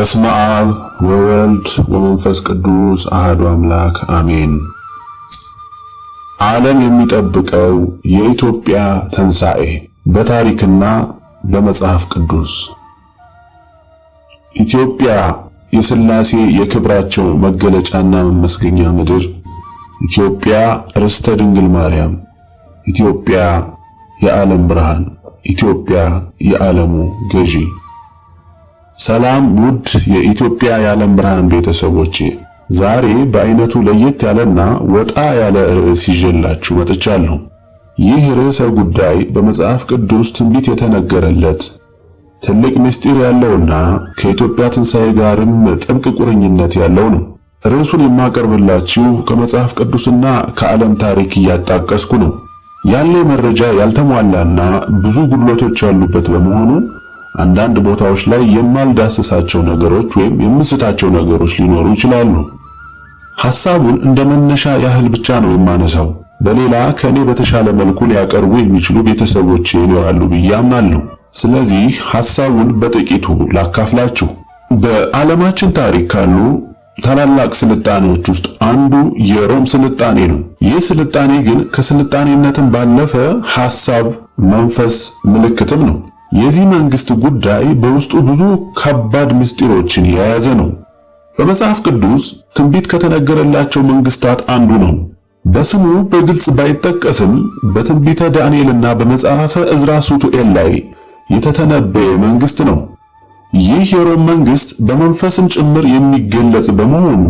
በስመ አብ ወወልድ ወመንፈስ ቅዱስ አህዱ አምላክ አሜን። ዓለም የሚጠብቀው የኢትዮጵያ ትንሣኤ በታሪክና በመጽሐፍ ቅዱስ ኢትዮጵያ የሥላሴ የክብራቸው መገለጫና መመስገኛ ምድር፣ ኢትዮጵያ ርስተ ድንግል ማርያም፣ ኢትዮጵያ የዓለም ብርሃን፣ ኢትዮጵያ የዓለሙ ገዢ ሰላም ውድ የኢትዮጵያ የዓለም ብርሃን ቤተሰቦቼ፣ ዛሬ በአይነቱ ለየት ያለና ወጣ ያለ ርዕስ ይዤላችሁ መጥቻለሁ። ይህ ርዕሰ ጉዳይ በመጽሐፍ ቅዱስ ትንቢት የተነገረለት ትልቅ ምስጢር ያለውና ከኢትዮጵያ ትንሣኤ ጋርም ጥብቅ ቁርኝነት ያለው ነው። ርዕሱን የማቀርብላችሁ ከመጽሐፍ ቅዱስና ከዓለም ታሪክ እያጣቀስኩ ነው። ያለ መረጃ ያልተሟላና ብዙ ጉድለቶች ያሉበት በመሆኑ አንዳንድ ቦታዎች ላይ የማልዳስሳቸው ነገሮች ወይም የምስታቸው ነገሮች ሊኖሩ ይችላሉ። ሐሳቡን እንደ መነሻ ያህል ብቻ ነው የማነሳው። በሌላ ከኔ በተሻለ መልኩ ሊያቀርቡ የሚችሉ ቤተሰቦች ይኖራሉ ብዬ አምናለሁ። ስለዚህ ሐሳቡን በጥቂቱ ላካፍላችሁ። በዓለማችን ታሪክ ካሉ ታላላቅ ስልጣኔዎች ውስጥ አንዱ የሮም ስልጣኔ ነው። ይህ ስልጣኔ ግን ከስልጣኔነትም ባለፈ ሐሳብ፣ መንፈስ፣ ምልክትም ነው። የዚህ መንግስት ጉዳይ በውስጡ ብዙ ከባድ ምስጢሮችን የያዘ ነው። በመጽሐፍ ቅዱስ ትንቢት ከተነገረላቸው መንግስታት አንዱ ነው። በስሙ በግልጽ ባይጠቀስም በትንቢተ ዳንኤልና በመጽሐፈ ዕዝራ ሱቱኤል ላይ የተተነበየ መንግስት ነው። ይህ የሮም መንግስት በመንፈስም ጭምር የሚገለጽ በመሆኑ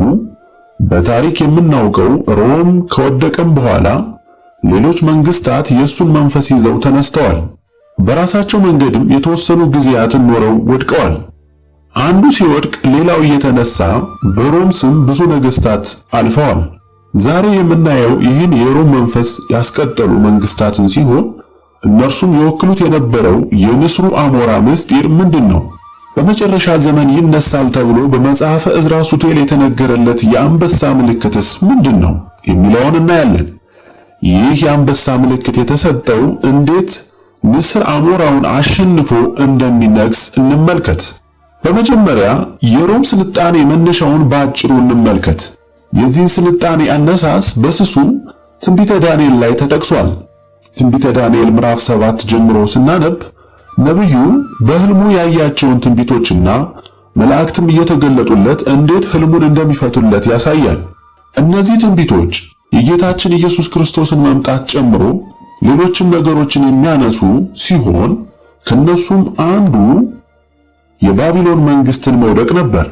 በታሪክ የምናውቀው ሮም ከወደቀም በኋላ ሌሎች መንግስታት የእሱን መንፈስ ይዘው ተነስተዋል። በራሳቸው መንገድም የተወሰኑ ጊዜያትን ኖረው ወድቀዋል። አንዱ ሲወድቅ ሌላው እየተነሳ በሮም ስም ብዙ ነገስታት አልፈዋል። ዛሬ የምናየው ይህን የሮም መንፈስ ያስቀጠሉ መንግስታትን ሲሆን እነርሱም የወክሉት የነበረው የንስሩ አሞራ ምስጢር ምንድን ነው? በመጨረሻ ዘመን ይነሳል ተብሎ በመጽሐፈ ዕዝራ ሱቴል የተነገረለት የአንበሳ ምልክትስ ምንድን ነው የሚለውን እናያለን። ይህ የአንበሳ ምልክት የተሰጠው እንዴት ንስር አሞራውን አሸንፎ እንደሚነግስ እንመልከት። በመጀመሪያ የሮም ስልጣኔ መነሻውን በአጭሩ እንመልከት። የዚህን ስልጣኔ አነሳስ በስሱ ትንቢተ ዳንኤል ላይ ተጠቅሷል። ትንቢተ ዳንኤል ምዕራፍ 7 ጀምሮ ስናነብ ነብዩ በህልሙ ያያቸውን ትንቢቶችና መላእክትም እየተገለጡለት እንዴት ህልሙን እንደሚፈቱለት ያሳያል። እነዚህ ትንቢቶች የጌታችን ኢየሱስ ክርስቶስን መምጣት ጨምሮ ሌሎችም ነገሮችን የሚያነሱ ሲሆን ከነሱም አንዱ የባቢሎን መንግስትን መውደቅ ነበር።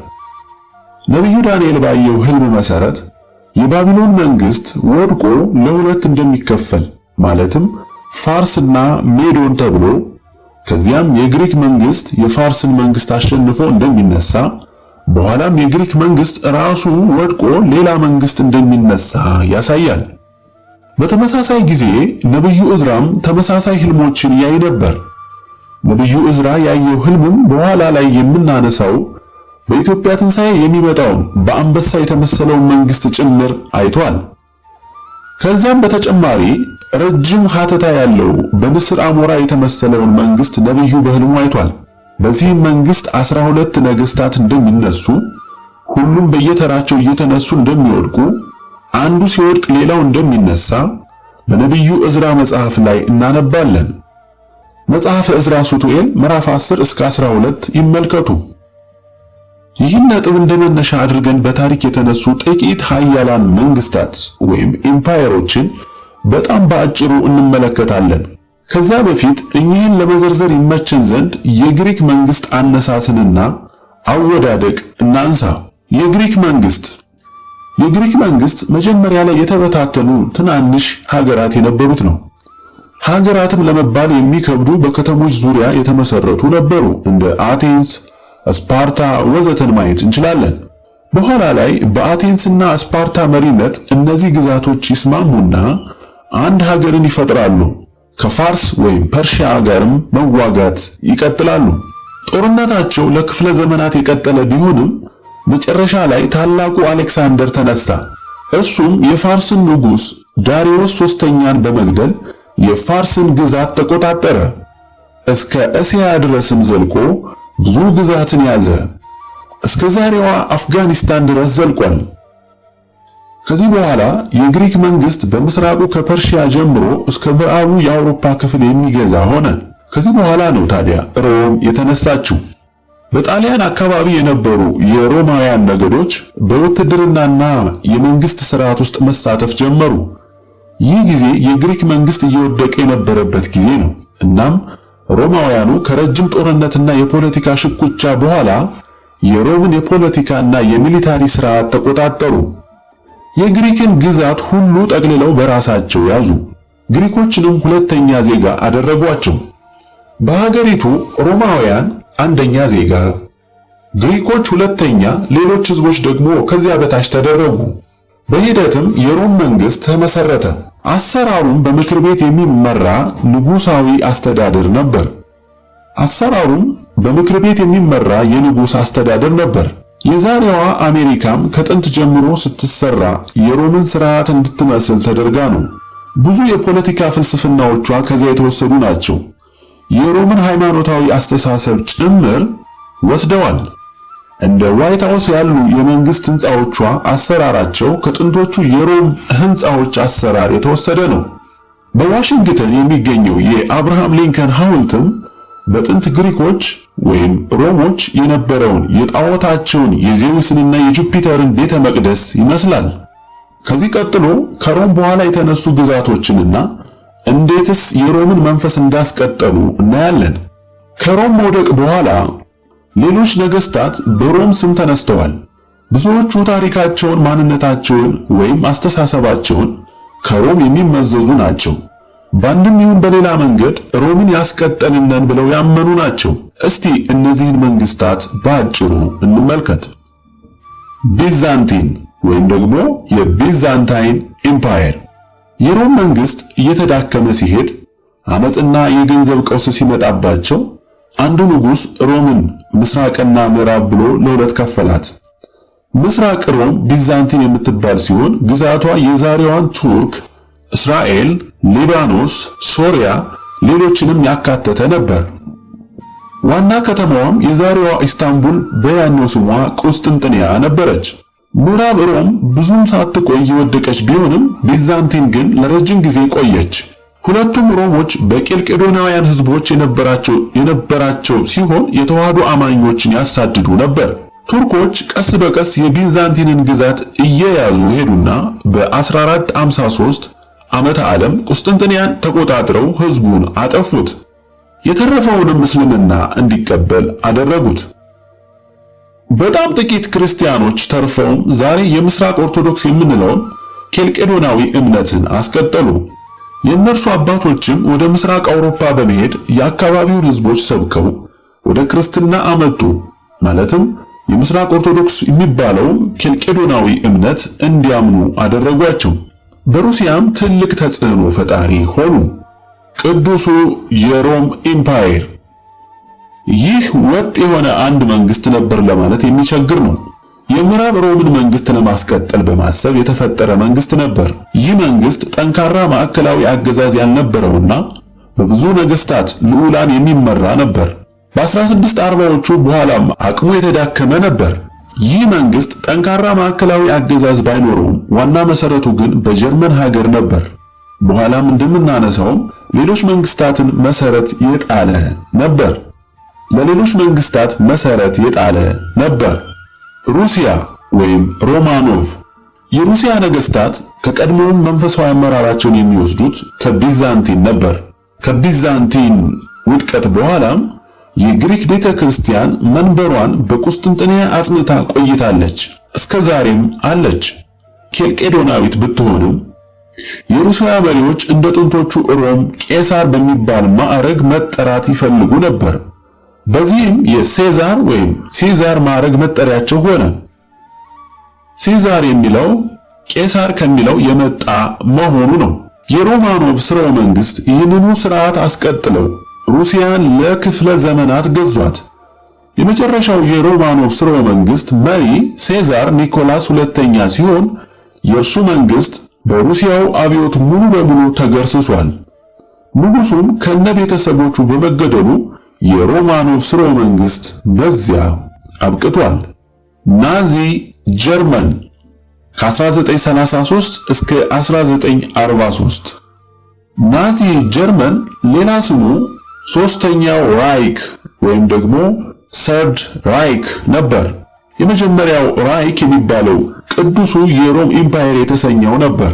ነቢዩ ዳንኤል ባየው ህልም መሰረት የባቢሎን መንግስት ወድቆ ለሁለት እንደሚከፈል ማለትም ፋርስና ሜዶን ተብሎ ከዚያም የግሪክ መንግስት የፋርስን መንግስት አሸንፎ እንደሚነሳ በኋላም የግሪክ መንግስት ራሱ ወድቆ ሌላ መንግስት እንደሚነሳ ያሳያል። በተመሳሳይ ጊዜ ነብዩ ዕዝራም ተመሳሳይ ህልሞችን ያይ ነበር። ነብዩ ዕዝራ ያየው ህልምም በኋላ ላይ የምናነሳው በኢትዮጵያ ትንሣኤ የሚመጣውን በአንበሳ የተመሰለውን መንግስት ጭምር አይቷል። ከዚያም በተጨማሪ ረጅም ሐተታ ያለው በንስር አሞራ የተመሰለውን መንግስት ነብዩ በህልሙ አይቷል። በዚህም መንግስት አስራ ሁለት ነገስታት እንደሚነሱ ሁሉም በየተራቸው እየተነሱ እንደሚወድቁ አንዱ ሲወድቅ ሌላው እንደሚነሳ በነቢዩ ዕዝራ መጽሐፍ ላይ እናነባለን። መጽሐፈ ዕዝራ ሱቱኤል ምዕራፍ 10 እስከ 12 ይመልከቱ። ይህን ነጥብ እንደመነሻ አድርገን በታሪክ የተነሱ ጥቂት ሀያላን መንግስታት ወይም ኢምፓየሮችን በጣም በአጭሩ እንመለከታለን። ከዛ በፊት እኚህን ለመዘርዘር ይመችን ዘንድ የግሪክ መንግስት አነሳስንና አወዳደቅ እናንሳ። የግሪክ መንግስት የግሪክ መንግስት መጀመሪያ ላይ የተበታተኑ ትናንሽ ሀገራት የነበሩት ነው። ሀገራትም ለመባል የሚከብዱ በከተሞች ዙሪያ የተመሰረቱ ነበሩ። እንደ አቴንስ፣ ስፓርታ ወዘተን ማየት እንችላለን። በኋላ ላይ በአቴንስና ስፓርታ መሪነት እነዚህ ግዛቶች ይስማሙና አንድ ሀገርን ይፈጥራሉ። ከፋርስ ወይም ፐርሺያ ጋርም መዋጋት ይቀጥላሉ። ጦርነታቸው ለክፍለ ዘመናት የቀጠለ ቢሆንም መጨረሻ ላይ ታላቁ አሌክሳንደር ተነሳ። እሱም የፋርስን ንጉሥ ዳሪዮስ ሦስተኛን በመግደል የፋርስን ግዛት ተቆጣጠረ። እስከ እስያ ድረስም ዘልቆ ብዙ ግዛትን ያዘ። እስከ ዛሬዋ አፍጋኒስታን ድረስ ዘልቋል። ከዚህ በኋላ የግሪክ መንግስት በምስራቁ ከፐርሺያ ጀምሮ እስከ ምዕራቡ የአውሮፓ ክፍል የሚገዛ ሆነ። ከዚህ በኋላ ነው ታዲያ ሮም የተነሳችው። በጣሊያን አካባቢ የነበሩ የሮማውያን ነገዶች በውትድርናና የመንግስት ስርዓት ውስጥ መሳተፍ ጀመሩ። ይህ ጊዜ የግሪክ መንግስት እየወደቀ የነበረበት ጊዜ ነው። እናም ሮማውያኑ ከረጅም ጦርነትና የፖለቲካ ሽኩቻ በኋላ የሮምን የፖለቲካና የሚሊታሪ ስርዓት ተቆጣጠሩ። የግሪክን ግዛት ሁሉ ጠቅልለው በራሳቸው ያዙ። ግሪኮችንም ሁለተኛ ዜጋ አደረጓቸው። በሀገሪቱ ሮማውያን አንደኛ ዜጋ፣ ግሪኮች ሁለተኛ፣ ሌሎች ህዝቦች ደግሞ ከዚያ በታች ተደረጉ። በሂደትም የሮም መንግስት ተመሰረተ። አሰራሩም በምክር ቤት የሚመራ ንጉሳዊ አስተዳደር ነበር። አሰራሩም በምክር ቤት የሚመራ የንጉስ አስተዳደር ነበር። የዛሬዋ አሜሪካም ከጥንት ጀምሮ ስትሰራ የሮምን ስርዓት እንድትመስል ተደርጋ ነው። ብዙ የፖለቲካ ፍልስፍናዎቿ ከዚያ የተወሰዱ ናቸው። የሮምን ሃይማኖታዊ አስተሳሰብ ጭምር ወስደዋል። እንደ ዋይት ሃውስ ያሉ የመንግስት ህንፃዎቿ አሰራራቸው ከጥንቶቹ የሮም ህንፃዎች አሰራር የተወሰደ ነው። በዋሽንግተን የሚገኘው የአብርሃም ሊንከን ሐውልትም በጥንት ግሪኮች ወይም ሮሞች የነበረውን የጣዖታቸውን የዜውስንና የጁፒተርን ቤተ መቅደስ ይመስላል። ከዚህ ቀጥሎ ከሮም በኋላ የተነሱ ግዛቶችንና እንዴትስ የሮምን መንፈስ እንዳስቀጠሉ እናያለን። ከሮም መውደቅ በኋላ ሌሎች ነገስታት በሮም ስም ተነስተዋል። ብዙዎቹ ታሪካቸውን፣ ማንነታቸውን ወይም አስተሳሰባቸውን ከሮም የሚመዘዙ ናቸው። በአንድም ይሁን በሌላ መንገድ ሮምን ያስቀጠልነን ብለው ያመኑ ናቸው። እስቲ እነዚህን መንግስታት በአጭሩ እንመልከት። ቢዛንቲን ወይም ደግሞ የቢዛንታይን ኢምፓየር የሮም መንግስት እየተዳከመ ሲሄድ አመጽና የገንዘብ ቀውስ ሲመጣባቸው አንዱ ንጉስ ሮምን ምስራቅና ምዕራብ ብሎ ለሁለት ከፈላት። ምስራቅ ሮም ቢዛንቲን የምትባል ሲሆን ግዛቷ የዛሬዋን ቱርክ፣ እስራኤል፣ ሊባኖስ፣ ሶሪያ፣ ሌሎችንም ያካተተ ነበር። ዋና ከተማዋም የዛሬዋ ኢስታንቡል በያኔው ስሟ ቁስጥንጥንያ ነበረች። ምዕራብ ሮም ብዙም ሳትቆይ እየወደቀች ቢሆንም ቢዛንቲን ግን ለረጅም ጊዜ ቆየች። ሁለቱም ሮሞች በቄልቄዶናውያን ሕዝቦች የነበራቸው የነበራቸው ሲሆን የተዋህዶ አማኞችን ያሳድዱ ነበር። ቱርኮች ቀስ በቀስ የቢዛንቲንን ግዛት እየያዙ ሄዱና በ1453 ዓመተ ዓለም ቁስጥንጥንያን ተቆጣጥረው ሕዝቡን አጠፉት። የተረፈውንም እስልምና እንዲቀበል አደረጉት። በጣም ጥቂት ክርስቲያኖች ተርፈውም ዛሬ የምስራቅ ኦርቶዶክስ የምንለውን ኬልቄዶናዊ እምነትን አስቀጠሉ። የእነርሱ አባቶችም ወደ ምስራቅ አውሮፓ በመሄድ የአካባቢውን ሕዝቦች ሰብከው ወደ ክርስትና አመጡ። ማለትም የምስራቅ ኦርቶዶክስ የሚባለው ኬልቄዶናዊ እምነት እንዲያምኑ አደረጓቸው። በሩሲያም ትልቅ ተጽዕኖ ፈጣሪ ሆኑ። ቅዱሱ የሮም ኢምፓየር ይህ ወጥ የሆነ አንድ መንግስት ነበር ለማለት የሚቸግር ነው። የምዕራብ ሮምን መንግስት ለማስቀጠል በማሰብ የተፈጠረ መንግስት ነበር። ይህ መንግስት ጠንካራ ማዕከላዊ አገዛዝ ያልነበረውና በብዙ ነገስታት ልዑላን የሚመራ ነበር። በ1640ዎቹ በኋላም አቅሙ የተዳከመ ነበር። ይህ መንግስት ጠንካራ ማዕከላዊ አገዛዝ ባይኖረውም ዋና መሰረቱ ግን በጀርመን ሀገር ነበር። በኋላም እንደምናነሳውም ሌሎች መንግስታትን መሰረት የጣለ ነበር። ለሌሎች መንግስታት መሰረት የጣለ ነበር። ሩሲያ ወይም ሮማኖቭ የሩሲያ ነገስታት ከቀድሞውም መንፈሳዊ አመራራቸውን የሚወስዱት ከቢዛንቲን ነበር። ከቢዛንቲን ውድቀት በኋላም የግሪክ ቤተ ክርስቲያን መንበሯን በቁስጥንጥንያ አጽንታ ቆይታለች፣ እስከ ዛሬም አለች። ኬልቄዶናዊት ብትሆንም የሩሲያ መሪዎች እንደ ጥንቶቹ ሮም ቄሳር በሚባል ማዕረግ መጠራት ይፈልጉ ነበር። በዚህም የሴዛር ወይም ሲዛር ማዕረግ መጠሪያቸው ሆነ። ሲዛር የሚለው ቄሳር ከሚለው የመጣ መሆኑ ነው። የሮማኖቭ ስርወ መንግስት ይህንኑ ስርዓት አስቀጥለው ሩሲያን ለክፍለ ዘመናት ገዟት። የመጨረሻው የሮማኖቭ ስርወ መንግስት መሪ ሴዛር ኒኮላስ ሁለተኛ ሲሆን የእርሱ መንግስት በሩሲያው አብዮት ሙሉ በሙሉ ተገርስሷል። ንጉሱም ከነ ቤተሰቦቹ በመገደሉ የሮማኑ ስርወ መንግስት በዚያ አብቅቷል። ናዚ ጀርመን ከ1933 እስከ 1943 ናዚ ጀርመን ሌላ ስሙ ሶስተኛው ራይክ ወይም ደግሞ ሰርድ ራይክ ነበር። የመጀመሪያው ራይክ የሚባለው ቅዱሱ የሮም ኢምፓየር የተሰኘው ነበር።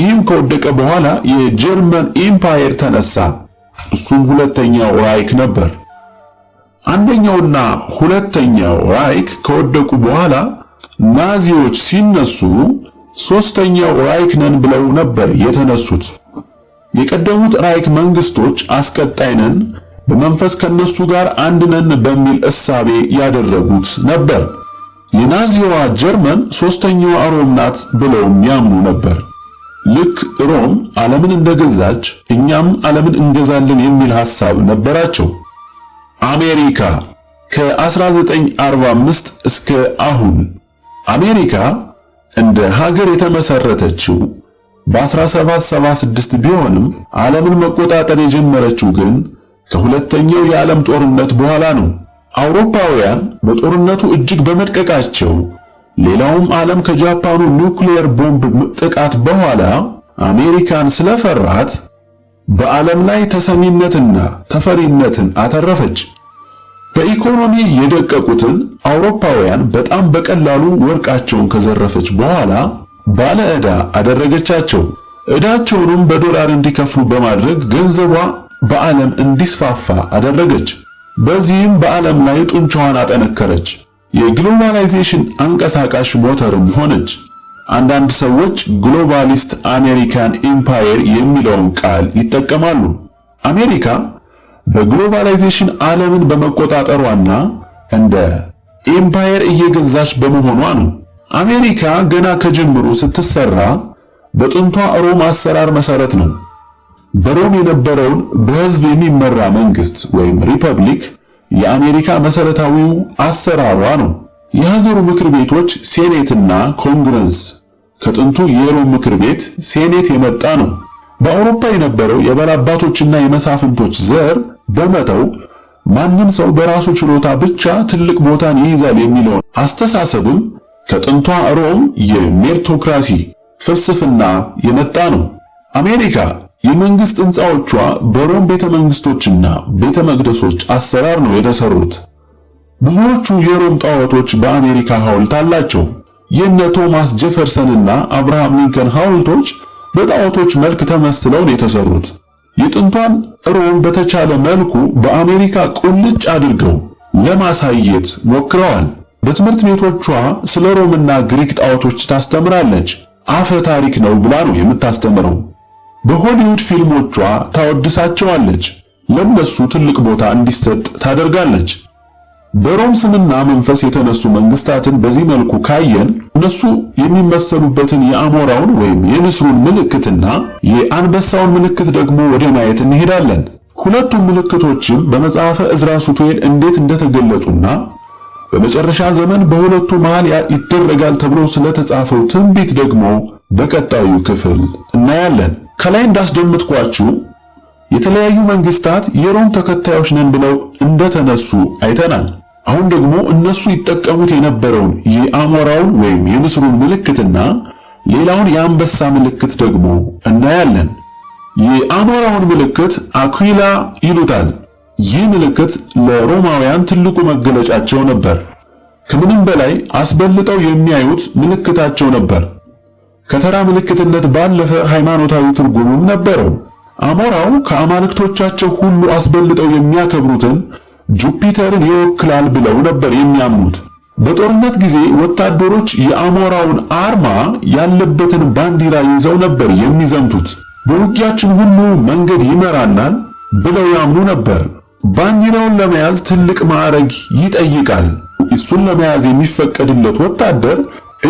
ይህም ከወደቀ በኋላ የጀርመን ኢምፓየር ተነሳ። እሱም ሁለተኛው ራይክ ነበር። አንደኛውና ሁለተኛው ራይክ ከወደቁ በኋላ ናዚዎች ሲነሱ ሶስተኛው ራይክ ነን ብለው ነበር የተነሱት። የቀደሙት ራይክ መንግስቶች አስቀጣይ ነን፣ በመንፈስ ከነሱ ጋር አንድ ነን በሚል እሳቤ ያደረጉት ነበር። የናዚዋ ጀርመን ሶስተኛው ሮም ናት ብለውም ያምኑ ነበር። ልክ ሮም ዓለምን እንደገዛች እኛም ዓለምን እንገዛለን የሚል ሐሳብ ነበራቸው። አሜሪካ ከ1945 እስከ አሁን አሜሪካ እንደ ሀገር የተመሰረተችው በ1776 ቢሆንም ዓለምን መቆጣጠር የጀመረችው ግን ከሁለተኛው የዓለም ጦርነት በኋላ ነው። አውሮፓውያን በጦርነቱ እጅግ በመድቀቃቸው ሌላውም ዓለም ከጃፓኑ ኒውክሊየር ቦምብ ጥቃት በኋላ አሜሪካን ስለፈራት በዓለም ላይ ተሰሚነትና ተፈሪነትን አተረፈች። በኢኮኖሚ የደቀቁትን አውሮፓውያን በጣም በቀላሉ ወርቃቸውን ከዘረፈች በኋላ ባለ ዕዳ አደረገቻቸው። ዕዳቸውንም በዶላር እንዲከፍሉ በማድረግ ገንዘቧ በዓለም እንዲስፋፋ አደረገች። በዚህም በዓለም ላይ ጡንቻዋን አጠነከረች። የግሎባላይዜሽን አንቀሳቃሽ ሞተርም ሆነች። አንዳንድ ሰዎች ግሎባሊስት አሜሪካን ኢምፓየር የሚለውን ቃል ይጠቀማሉ። አሜሪካ በግሎባላይዜሽን ዓለምን በመቆጣጠሯና እንደ ኢምፓየር እየገዛች በመሆኗ ነው። አሜሪካ ገና ከጅምሩ ስትሰራ በጥንቷ ሮም አሰራር መሰረት ነው። በሮም የነበረውን በሕዝብ የሚመራ መንግስት ወይም ሪፐብሊክ የአሜሪካ መሰረታዊው አሰራሯ ነው። የሀገሩ ምክር ቤቶች ሴኔትና ኮንግረስ ከጥንቱ የሮም ምክር ቤት ሴኔት የመጣ ነው። በአውሮፓ የነበረው የባላባቶችና የመሳፍንቶች ዘር በመተው ማንም ሰው በራሱ ችሎታ ብቻ ትልቅ ቦታን ይይዛል የሚለውን አስተሳሰብም ከጥንቷ ሮም የሜርቶክራሲ ፍልስፍና የመጣ ነው። አሜሪካ የመንግስት ህንፃዎቿ በሮም ቤተ መንግስቶችና ቤተ መቅደሶች አሰራር ነው የተሰሩት። ብዙዎቹ የሮም ጣዖቶች በአሜሪካ ሐውልት አላቸው። የነ ቶማስ ጄፈርሰንና አብርሃም ሊንከን ሐውልቶች በጣዖቶች መልክ ተመስለው ነው የተሰሩት። የጥንቷን ሮም በተቻለ መልኩ በአሜሪካ ቁልጭ አድርገው ለማሳየት ሞክረዋል። በትምህርት ቤቶቿ ስለ ሮምና ግሪክ ጣዖቶች ታስተምራለች። አፈ ታሪክ ነው ብላ ነው የምታስተምረው። በሆሊውድ ፊልሞቿ ታወድሳቸዋለች፣ ለነሱ ትልቅ ቦታ እንዲሰጥ ታደርጋለች። በሮም ስምና መንፈስ የተነሱ መንግስታትን በዚህ መልኩ ካየን እነሱ የሚመሰሉበትን የአሞራውን ወይም የንስሩን ምልክትና የአንበሳውን ምልክት ደግሞ ወደ ማየት እንሄዳለን። ሁለቱም ምልክቶችም በመጽሐፈ ዕዝራ ሱቱኤል እንዴት እንደተገለጹና በመጨረሻ ዘመን በሁለቱ መሃል ይደረጋል ተብሎ ስለተጻፈው ትንቢት ደግሞ በቀጣዩ ክፍል እናያለን። ከላይ እንዳስደምጥኳችሁ የተለያዩ መንግስታት የሮም ተከታዮች ነን ብለው እንደተነሱ አይተናል። አሁን ደግሞ እነሱ ይጠቀሙት የነበረውን የአሞራውን ወይም የንስሩን ምልክትና ሌላውን የአንበሳ ምልክት ደግሞ እናያለን። የአሞራውን ምልክት አኩላ ይሉታል። ይህ ምልክት ለሮማውያን ትልቁ መገለጫቸው ነበር። ከምንም በላይ አስበልጠው የሚያዩት ምልክታቸው ነበር። ከተራ ምልክትነት ባለፈ ሃይማኖታዊ ትርጉምም ነበረው። አሞራው ከአማልክቶቻቸው ሁሉ አስበልጠው የሚያከብሩትን ጁፒተርን ይወክላል ብለው ነበር የሚያምኑት። በጦርነት ጊዜ ወታደሮች የአሞራውን አርማ ያለበትን ባንዲራ ይዘው ነበር የሚዘምቱት። በውጊያችን ሁሉ መንገድ ይመራናል ብለው ያምኑ ነበር። ባንዲራውን ለመያዝ ትልቅ ማዕረግ ይጠይቃል። እሱን ለመያዝ የሚፈቀድለት ወታደር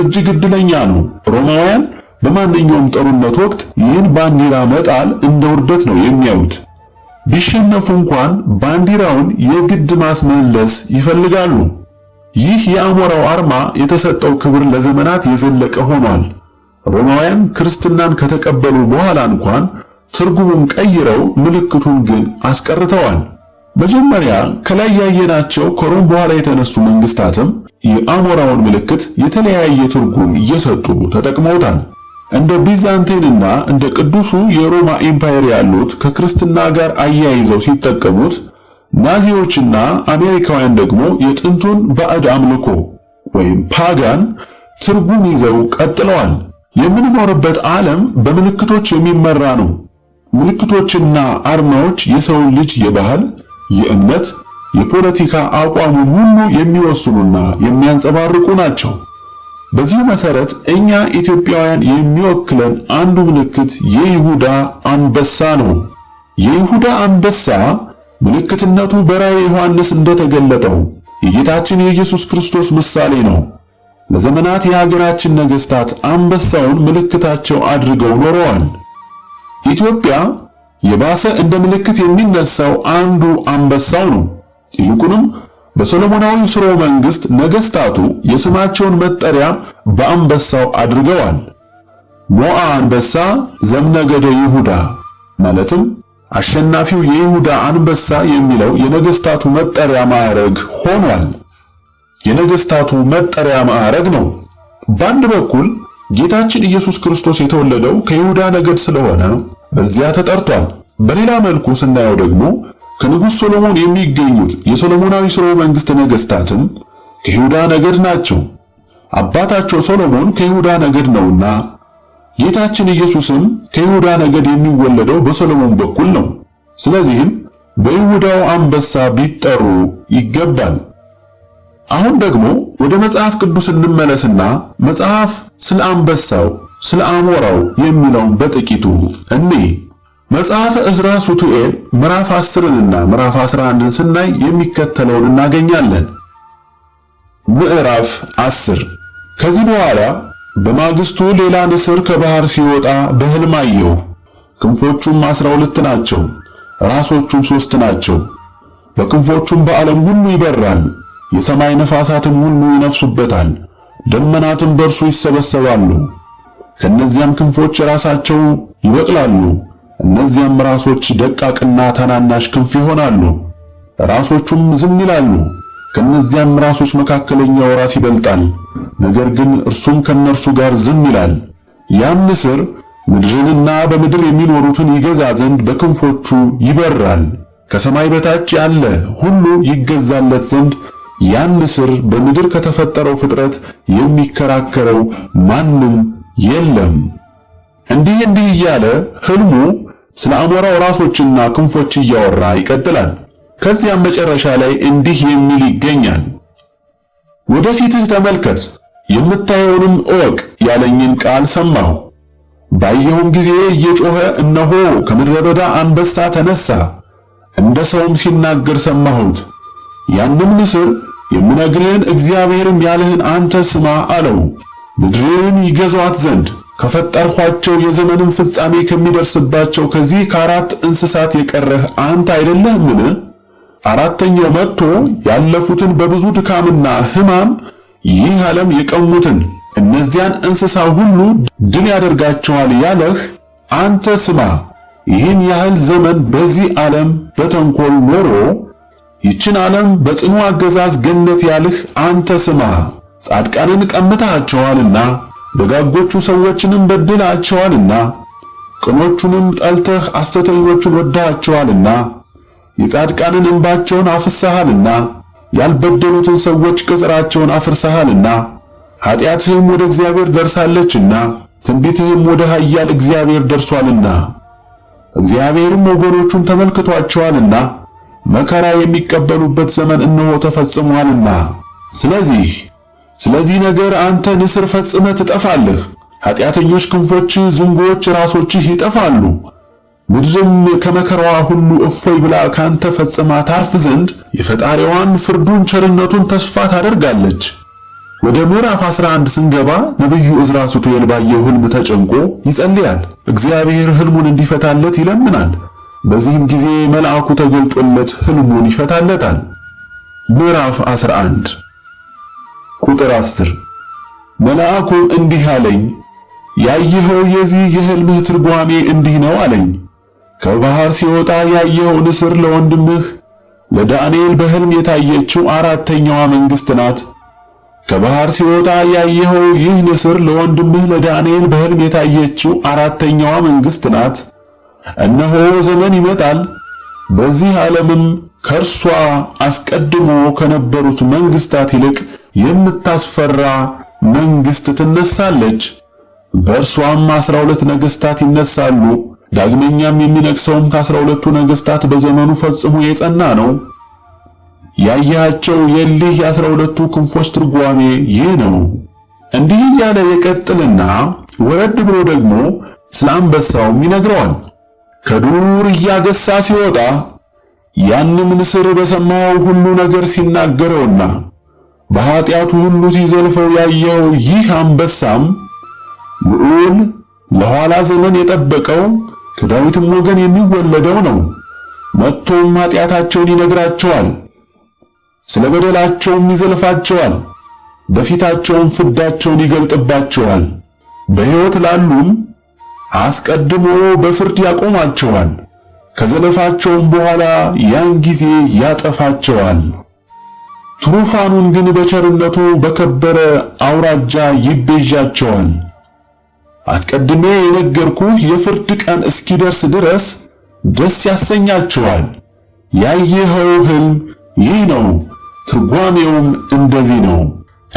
እጅግ እድለኛ ነው። ሮማውያን በማንኛውም ጦርነት ወቅት ይህን ባንዲራ መጣል እንደ ውርደት ነው የሚያዩት። ቢሸነፉ እንኳን ባንዲራውን የግድ ማስመለስ ይፈልጋሉ። ይህ የአሞራው አርማ የተሰጠው ክብር ለዘመናት የዘለቀ ሆኗል። ሮማውያን ክርስትናን ከተቀበሉ በኋላ እንኳን ትርጉሙን ቀይረው ምልክቱን ግን አስቀርተዋል። መጀመሪያ ከላይ ያየናቸው ከሮም በኋላ የተነሱ መንግስታትም የአሞራውን ምልክት የተለያየ ትርጉም እየሰጡ ተጠቅመውታል። እንደ ቢዛንቲንና እንደ ቅዱሱ የሮማ ኢምፓየር ያሉት ከክርስትና ጋር አያይዘው ሲጠቀሙት፣ ናዚዎችና አሜሪካውያን ደግሞ የጥንቱን ባዕድ አምልኮ ወይም ፓጋን ትርጉም ይዘው ቀጥለዋል። የምንኖርበት ዓለም በምልክቶች የሚመራ ነው። ምልክቶችና አርማዎች የሰውን ልጅ የባህል፣ የእምነት የፖለቲካ አቋሙን ሁሉ የሚወስኑና የሚያንጸባርቁ ናቸው። በዚህ መሰረት እኛ ኢትዮጵያውያን የሚወክለን አንዱ ምልክት የይሁዳ አንበሳ ነው። የይሁዳ አንበሳ ምልክትነቱ በራእየ ዮሐንስ እንደተገለጠው የጌታችን የኢየሱስ ክርስቶስ ምሳሌ ነው። ለዘመናት የሀገራችን ነገሥታት አንበሳውን ምልክታቸው አድርገው ኖረዋል። ኢትዮጵያ የባሰ እንደ ምልክት የሚነሳው አንዱ አንበሳው ነው። ይልቁንም በሰሎሞናዊ ሥርወ መንግሥት ነገሥታቱ የስማቸውን መጠሪያ በአንበሳው አድርገዋል። ሞአ አንበሳ ዘምነገደ ይሁዳ ማለትም አሸናፊው የይሁዳ አንበሳ የሚለው የነገሥታቱ መጠሪያ ማዕረግ ሆኗል። የነገሥታቱ መጠሪያ ማዕረግ ነው። በአንድ በኩል ጌታችን ኢየሱስ ክርስቶስ የተወለደው ከይሁዳ ነገድ ስለሆነ በዚያ ተጠርቷል። በሌላ መልኩ ስናየው ደግሞ ከንጉሥ ሶሎሞን የሚገኙት የሶሎሞናዊ ሥርወ መንግሥት ነገሥታትም ከይሁዳ ነገድ ናቸው። አባታቸው ሶሎሞን ከይሁዳ ነገድ ነውና ጌታችን ኢየሱስም ከይሁዳ ነገድ የሚወለደው በሶሎሞን በኩል ነው። ስለዚህም በይሁዳው አንበሳ ቢጠሩ ይገባል። አሁን ደግሞ ወደ መጽሐፍ ቅዱስ እንመለስና መጽሐፍ ስለ አንበሳው ስለ አሞራው የሚለውን በጥቂቱ እንይ። መጽሐፈ እዝራ ሱቱኤል ምዕራፍ 10 ምዕራፍ 11ን ስናይ የሚከተለውን እናገኛለን። ምዕራፍ 10 ከዚህ በኋላ በማግስቱ ሌላ ንስር ከባህር ሲወጣ በሕልም አየሁ። ክንፎቹም አስራ ሁለት ናቸው፣ ራሶቹም ሦስት ናቸው። በክንፎቹም በዓለም ሁሉ ይበራል። የሰማይ ነፋሳትም ሁሉ ይነፍሱበታል፣ ደመናትም በእርሱ ይሰበሰባሉ። ከእነዚያም ክንፎች ራሳቸው ይበቅላሉ እነዚያም ራሶች ደቃቅና ታናናሽ ክንፍ ይሆናሉ። ራሶቹም ዝም ይላሉ። ከነዚያም ራሶች መካከለኛው ራስ ይበልጣል፣ ነገር ግን እርሱም ከነርሱ ጋር ዝም ይላል። ያም ንስር ምድርንና በምድር የሚኖሩትን ይገዛ ዘንድ በክንፎቹ ይበራል። ከሰማይ በታች ያለ ሁሉ ይገዛለት ዘንድ ያን ንስር በምድር ከተፈጠረው ፍጥረት የሚከራከረው ማንም የለም። እንዲህ እንዲህ እያለ ሕልሙ ስለ አሞራው ራሶችና ክንፎች እያወራ ይቀጥላል። ከዚያም መጨረሻ ላይ እንዲህ የሚል ይገኛል። ወደፊትህ ተመልከት የምታየውንም እወቅ ያለኝን ቃል ሰማሁ። ባየሁም ጊዜ እየጮኸ እነሆ ከምድረ በዳ አንበሳ ተነሳ፣ እንደ ሰውም ሲናገር ሰማሁት። ያንም ንስር የምነግርህን እግዚአብሔርም ያለህን አንተ ስማ አለው ምድርን ይገዛት ዘንድ ከፈጠርኋቸው የዘመንን ፍጻሜ ከሚደርስባቸው ከዚህ ከአራት እንስሳት የቀረህ አንተ አይደለህምን? አራተኛው መጥቶ ያለፉትን በብዙ ድካምና ሕማም ይህ ዓለም የቀሙትን እነዚያን እንስሳ ሁሉ ድል ያደርጋቸዋል ያለህ አንተ ስማ፣ ይህን ያህል ዘመን በዚህ ዓለም በተንኮል ኖሮ ይችን ዓለም በጽኑ አገዛዝ ገነት ያልህ አንተ ስማ፣ ጻድቃንን ቀምተሃቸዋልና ደጋጎቹ ሰዎችንም በድላቸዋልና ቅኖቹንም ጠልተህ ሐሰተኞቹን ወዳቸዋልና የጻድቃንን እንባቸውን አፍስሰሃልና ያልበደሉትን ሰዎች ቅጽራቸውን አፍርሰሃልና ኃጢአትህም ወደ እግዚአብሔር ደርሳለችና ትንቢትህም ወደ ኃያል እግዚአብሔር ደርሷልና እግዚአብሔርም ወገኖቹን ተመልክቷቸዋልና መከራ የሚቀበሉበት ዘመን እነሆ ተፈጽሟልና ስለዚህ ስለዚህ ነገር አንተ ንስር ፈጽመ ትጠፋለህ። ኃጢአተኞች ክንፎች፣ ዝንጎች ራሶችህ ይጠፋሉ። ምድርም ከመከራዋ ሁሉ እፎይ ብላ ካንተ ፈጽማ ታርፍ ዘንድ የፈጣሪዋን ፍርዱን ቸርነቱን ተስፋ ታደርጋለች። ወደ ምዕራፍ 11 ስንገባ ነብዩ ዕዝራ ሱቱኤል ባየው ህልም ተጨንቆ ይጸልያል። እግዚአብሔር ህልሙን እንዲፈታለት ይለምናል። በዚህም ጊዜ መልአኩ ተገልጦለት ህልሙን ይፈታለታል። ምዕራፍ 11 ቁጥር አስር መልአኩ እንዲህ አለኝ፣ ያየኸው የዚህ የሕልምህ ትርጓሜ እንዲህ ነው አለኝ። ከባህር ሲወጣ ያየኸው ንስር ለወንድምህ ለዳንኤል በሕልም የታየችው አራተኛዋ መንግሥት ናት። ከባህር ሲወጣ ያየኸው ይህ ንስር ለወንድምህ ለዳንኤል በሕልም የታየችው አራተኛዋ መንግሥት ናት። እነሆ ዘመን ይመጣል፣ በዚህ ዓለምም ከእርሷ አስቀድሞ ከነበሩት መንግሥታት ይልቅ የምታስፈራ መንግስት ትነሳለች። በእርሷም አስራ ሁለት ነገስታት ይነሳሉ። ዳግመኛም የሚነግሰውም ከአስራ ሁለቱ ነገስታት በዘመኑ ፈጽሞ የጸና ነው። ያያቸው የሊህ የአስራ ሁለቱ ክንፎች ትርጓሜ ይህ ነው። እንዲህ እያለ የቀጥልና ወረድ ብሎ ደግሞ ስለ አንበሳውም ይነግረዋል። ከዱር እያገሳ ሲወጣ ያንም ንስር በሰማው ሁሉ ነገር ሲናገረውና በኃጢአቱ ሁሉ ሲዘልፈው ያየው ይህ አንበሳም ልዑል ለኋላ ዘመን የጠበቀው ከዳዊትም ወገን የሚወለደው ነው። መጥቶም ኀጢአታቸውን ይነግራቸዋል፣ ስለ በደላቸውም ይዘልፋቸዋል፣ በፊታቸውም ፍዳቸውን ይገልጥባቸዋል። በሕይወት ላሉም አስቀድሞ በፍርድ ያቆማቸዋል፣ ከዘለፋቸውም በኋላ ያን ጊዜ ያጠፋቸዋል። ትሩፋኑን ግን በቸርነቱ በከበረ አውራጃ ይቤዣቸዋል። አስቀድሜ የነገርኩህ የፍርድ ቀን እስኪደርስ ድረስ ደስ ያሰኛቸዋል። ያየኸው ሕልም ይህ ነው፣ ትርጓሜውም እንደዚህ ነው።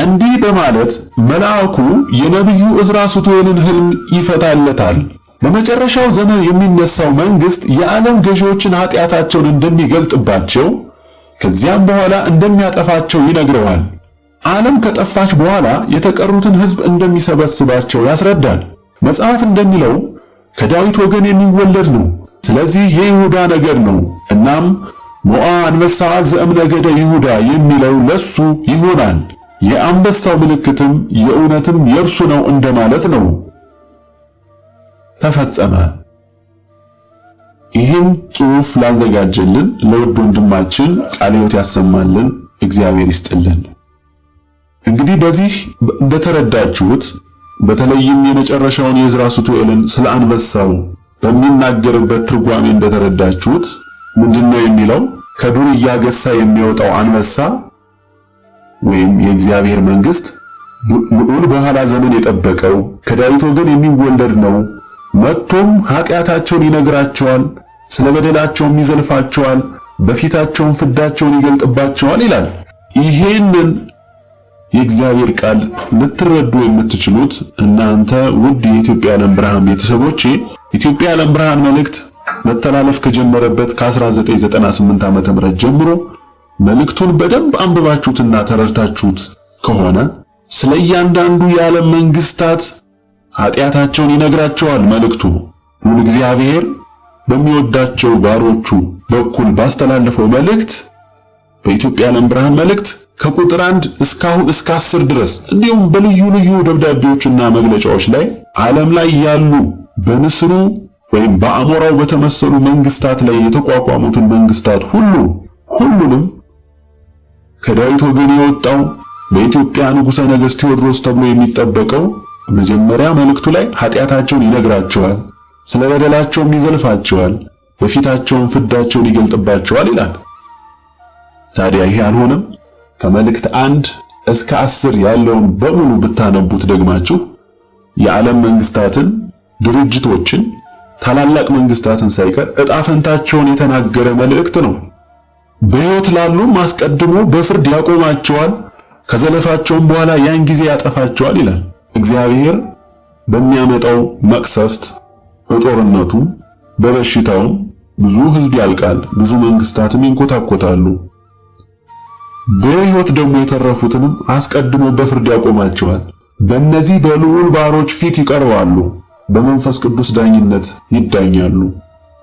እንዲህ በማለት መልአኩ የነቢዩ ዕዝራ ሱቱኤልን ሕልም ይፈታለታል። በመጨረሻው ዘመን የሚነሳው መንግሥት የዓለም ገዢዎችን ኀጢአታቸውን እንደሚገልጥባቸው ከዚያም በኋላ እንደሚያጠፋቸው ይነግረዋል። ዓለም ከጠፋች በኋላ የተቀሩትን ሕዝብ እንደሚሰበስባቸው ያስረዳል። መጽሐፍ እንደሚለው ከዳዊት ወገን የሚወለድ ነው፣ ስለዚህ የይሁዳ ነገድ ነው። እናም ሞዓ አንበሳ ዘእምነገደ ይሁዳ የሚለው ለሱ ይሆናል። የአንበሳው ምልክትም የእውነትም የእርሱ ነው እንደማለት ነው። ተፈጸመ። ይህም ጽሑፍ ላዘጋጀልን ለውድ ወንድማችን ቃለ ሕይወት ያሰማልን፣ እግዚአብሔር ይስጥልን። እንግዲህ በዚህ እንደተረዳችሁት በተለይም የመጨረሻውን የዕዝራ ሱቱኤልን ስለ አንበሳው በሚናገርበት ትርጓሜ እንደተረዳችሁት ምንድነው የሚለው? ከዱር እያገሳ የሚወጣው አንበሳ ወይም የእግዚአብሔር መንግስት ልዑል በኋላ ዘመን የጠበቀው ከዳዊት ወገን የሚወለድ ነው መጥቶም ኃጢአታቸውን ይነግራቸዋል፣ ስለ በደላቸውም ይዘልፋቸዋል፣ በፊታቸውም ፍዳቸውን ይገልጥባቸዋል ይላል። ይሄንን የእግዚአብሔር ቃል ልትረዱ የምትችሉት እናንተ ውድ የኢትዮጵያ ዓለም ብርሃን ቤተሰቦቼ ኢትዮጵያ ዓለም ብርሃን መልእክት መተላለፍ ከጀመረበት ከ1998 ዓ. ም ጀምሮ መልእክቱን በደንብ አንብባችሁትና ተረድታችሁት ከሆነ ስለ እያንዳንዱ የዓለም መንግስታት ኃጢአታቸውን ይነግራቸዋል መልእክቱ። ሁሉ እግዚአብሔር በሚወዳቸው ባሮቹ በኩል ባስተላለፈው መልእክት በኢትዮጵያ ዓለም ብርሃን መልእክት ከቁጥር አንድ እስካሁን እስከ አስር ድረስ እንዲሁም በልዩ ልዩ ደብዳቤዎችና መግለጫዎች ላይ ዓለም ላይ ያሉ በንስሩ ወይም በአሞራው በተመሰሉ መንግስታት ላይ የተቋቋሙትን መንግስታት ሁሉ ሁሉንም ከዳዊት ወገን የወጣው በኢትዮጵያ ንጉሠ ነገሥት ቴዎድሮስ ተብሎ የሚጠበቀው መጀመሪያ መልእክቱ ላይ ኃጢአታቸውን ይነግራቸዋል፣ ስለ በደላቸውም ይዘልፋቸዋል፣ በፊታቸውም ፍዳቸውን ይገልጥባቸዋል ይላል። ታዲያ ይሄ አልሆነም? ከመልእክት አንድ እስከ አስር ያለውን በሙሉ ብታነቡት ደግማችሁ የዓለም መንግስታትን፣ ድርጅቶችን፣ ታላላቅ መንግስታትን ሳይቀር እጣፈንታቸውን የተናገረ መልእክት ነው። በሕይወት ላሉም አስቀድሞ በፍርድ ያቆማቸዋል፣ ከዘለፋቸውም በኋላ ያን ጊዜ ያጠፋቸዋል ይላል። እግዚአብሔር በሚያመጣው መቅሰፍት፣ በጦርነቱ፣ በበሽታው ብዙ ህዝብ ያልቃል፣ ብዙ መንግስታትም ይንኮታኮታሉ። በህይወት ደግሞ የተረፉትንም አስቀድሞ በፍርድ ያቆማቸዋል። በእነዚህ በልዑል ባሮች ፊት ይቀርባሉ፣ በመንፈስ ቅዱስ ዳኝነት ይዳኛሉ።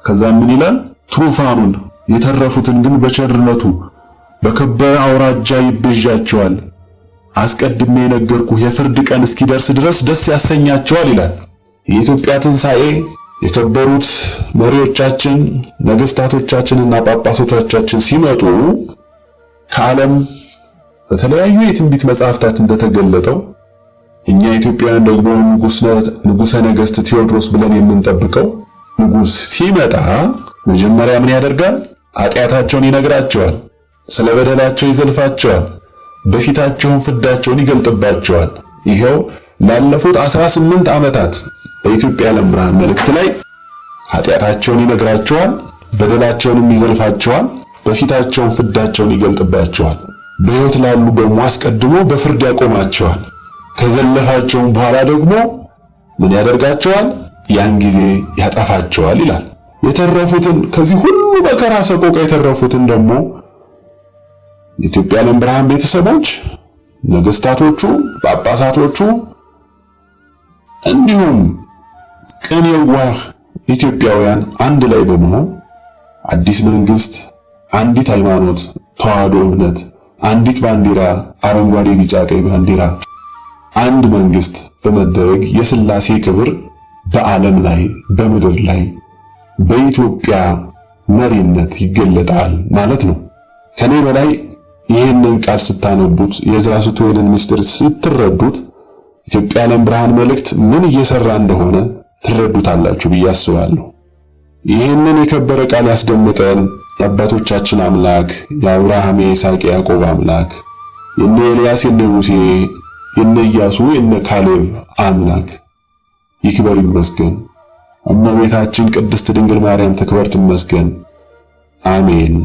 ከዛም ምን ይላል? ትሩፋኑን የተረፉትን ግን በቸርነቱ በከበረ አውራጃ ይብዣቸዋል፣ አስቀድሜ የነገርኩ የፍርድ ቀን እስኪደርስ ድረስ ደስ ያሰኛቸዋል ይላል። የኢትዮጵያ ትንሣኤ የከበሩት መሪዎቻችን ነገሥታቶቻችንና ጳጳሶቻችን ሲመጡ ከዓለም በተለያዩ የትንቢት መጻሕፍታት እንደተገለጠው እኛ ኢትዮጵያውያን ደግሞ ንጉሠ ነገሥት ቴዎድሮስ ብለን የምንጠብቀው ንጉሥ ሲመጣ መጀመሪያ ምን ያደርጋል? ኃጢአታቸውን ይነግራቸዋል። ስለ በደላቸው ይዘልፋቸዋል። በፊታቸውን ፍዳቸውን ይገልጥባቸዋል። ይኸው ላለፉት 18 ዓመታት በኢትዮጵያ ዓለም ብርሃን መልእክት ላይ ኃጢአታቸውን ይነግራቸዋል፣ በደላቸውንም ይዘልፋቸዋል፣ በፊታቸውን ፍዳቸውን ይገልጥባቸዋል። በሕይወት ላሉ ደግሞ አስቀድሞ በፍርድ ያቆማቸዋል። ከዘለፋቸውም በኋላ ደግሞ ምን ያደርጋቸዋል? ያን ጊዜ ያጠፋቸዋል ይላል። የተረፉትን ከዚህ ሁሉ መከራ ሰቆቃ የተረፉትን ደግሞ የኢትዮጵያ ብርሃን ቤተሰቦች፣ ነገስታቶቹ፣ ጳጳሳቶቹ እንዲሁም ቅን የዋህ ኢትዮጵያውያን አንድ ላይ በመሆን አዲስ መንግስት፣ አንዲት ሃይማኖት ተዋህዶ እምነት፣ አንዲት ባንዲራ አረንጓዴ፣ ቢጫ፣ ቀይ ባንዲራ፣ አንድ መንግስት በመደረግ የስላሴ ክብር በዓለም ላይ በምድር ላይ በኢትዮጵያ መሪነት ይገለጣል ማለት ነው። ከኔ በላይ ይህንን ቃል ስታነቡት የዕዝራ ስትወልን ምስጢር ስትረዱት ኢትዮጵያ ዓለም ብርሃን መልእክት ምን እየሰራ እንደሆነ ትረዱታላችሁ ብዬ አስባለሁ። ይህንን የከበረ ቃል ያስደምጠን የአባቶቻችን አምላክ የአብርሃም የይስሐቅ ያዕቆብ አምላክ የነ ኤልያስ የነ ሙሴ የነ ኢያሱ የነ ካሌብ አምላክ ይክበር ይመስገን። እመቤታችን ቅድስት ድንግል ማርያም ትክበር ትመስገን። አሜን።